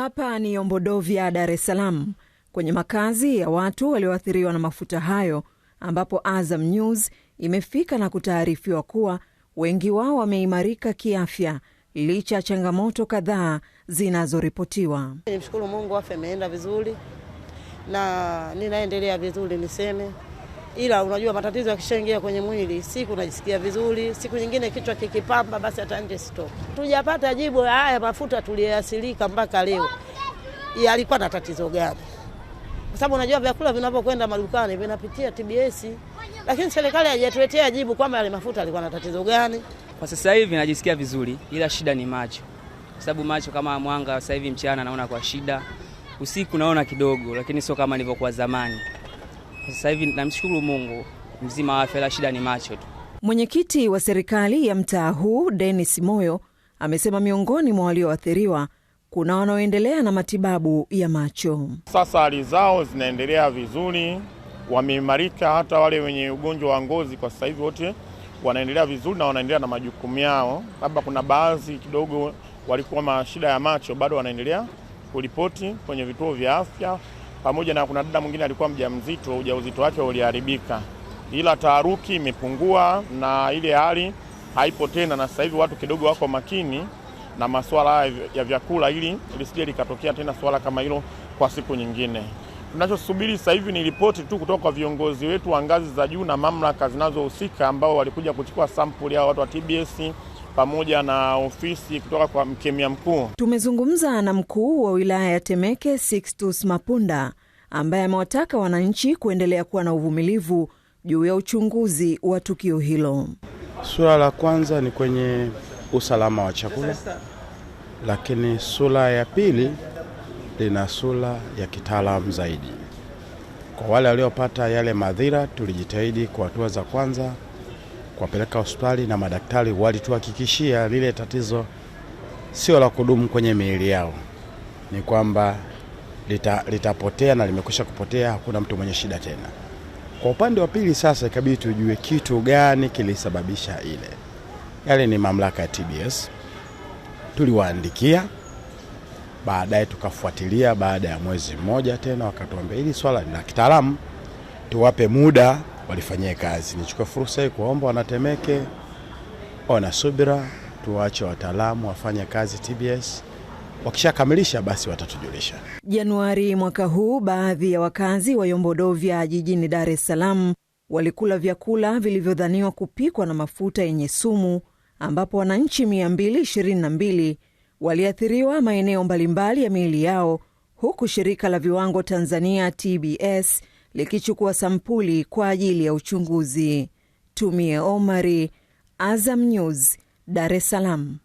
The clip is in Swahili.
Hapa ni ombodovya Dar es Salaam, kwenye makazi ya watu walioathiriwa na mafuta hayo, ambapo Azam News imefika na kutaarifiwa kuwa wengi wao wameimarika kiafya licha ya changamoto kadhaa zinazoripotiwa. Nimshukuru Mungu, afya imeenda vizuri na ninaendelea vizuri, niseme ila unajua matatizo yakishaingia kwenye mwili, siku najisikia vizuri, siku nyingine kichwa kikipamba, basi hata nje sitoke. Tujapata jibu ya haya mafuta tuliyeasilika mpaka leo yalikuwa na tatizo gani, kwa sababu unajua vyakula vinavyokwenda madukani vinapitia TBS, lakini serikali haijatuletea jibu kwamba yale mafuta yalikuwa na tatizo gani. Kwa sasa hivi najisikia vizuri, ila shida ni macho, kwa sababu macho kama mwanga sasa hivi mchana naona kwa shida, usiku naona kidogo, lakini sio kama nilivyokuwa zamani. Sasa hivi namshukuru Mungu mzima wa afya, la shida ni macho tu. Mwenyekiti wa serikali ya mtaa huu Dennis Moyo amesema miongoni mwa walioathiriwa kuna wanaoendelea na matibabu ya macho. Sasa hali zao zinaendelea vizuri, wameimarika. Hata wale wenye ugonjwa wa ngozi kwa sasa hivi wote wanaendelea vizuri na wanaendelea na majukumu yao. Labda kuna baadhi kidogo walikuwa na shida ya macho, bado wanaendelea kuripoti kwenye vituo vya afya pamoja na kuna dada mwingine alikuwa mjamzito, ujauzito wake uliharibika, ila taharuki imepungua na ile hali haipo tena, na sasa hivi watu kidogo wako makini na masuala ya vyakula ili lisije likatokea tena swala kama hilo kwa siku nyingine. Tunachosubiri sasa hivi ni ripoti tu kutoka kwa viongozi wetu wa ngazi za juu na mamlaka zinazohusika ambao walikuja kuchukua sampuli ya watu wa TBS pamoja na ofisi kutoka kwa mkemia mkuu. Tumezungumza na mkuu wa wilaya ya Temeke Sixtus Mapunda ambaye amewataka wananchi kuendelea kuwa na uvumilivu juu ya uchunguzi wa tukio hilo. sura la kwanza ni kwenye usalama wa chakula, lakini sura ya pili lina sura ya kitaalamu zaidi. Kwa wale waliopata yale madhira, tulijitahidi kwa hatua za kwanza kuwapeleka hospitali, na madaktari walituhakikishia lile tatizo sio la kudumu kwenye miili yao, ni kwamba lita, litapotea na limekwisha kupotea, hakuna mtu mwenye shida tena. Kwa upande wa pili sasa, ikabidi tujue kitu gani kilisababisha ile. Yale ni mamlaka ya TBS, tuliwaandikia baadaye, tukafuatilia. Baada ya mwezi mmoja tena wakatuambia hili swala ni la kitaalamu, tuwape muda walifanyie kazi. Nichukue fursa hii kuomba wanatemeke wana subira, tuwaache wataalamu wafanye kazi TBS wakishakamilisha basi watatujulisha. Januari mwaka huu, baadhi ya wakazi wa Yombodovya jijini Dar es Salaam walikula vyakula vilivyodhaniwa kupikwa na mafuta yenye sumu, ambapo wananchi 222 waliathiriwa maeneo mbalimbali ya miili yao, huku shirika la viwango Tanzania TBS likichukua sampuli kwa ajili ya uchunguzi. Tumie Omari, Azam News, Dar es Salaam.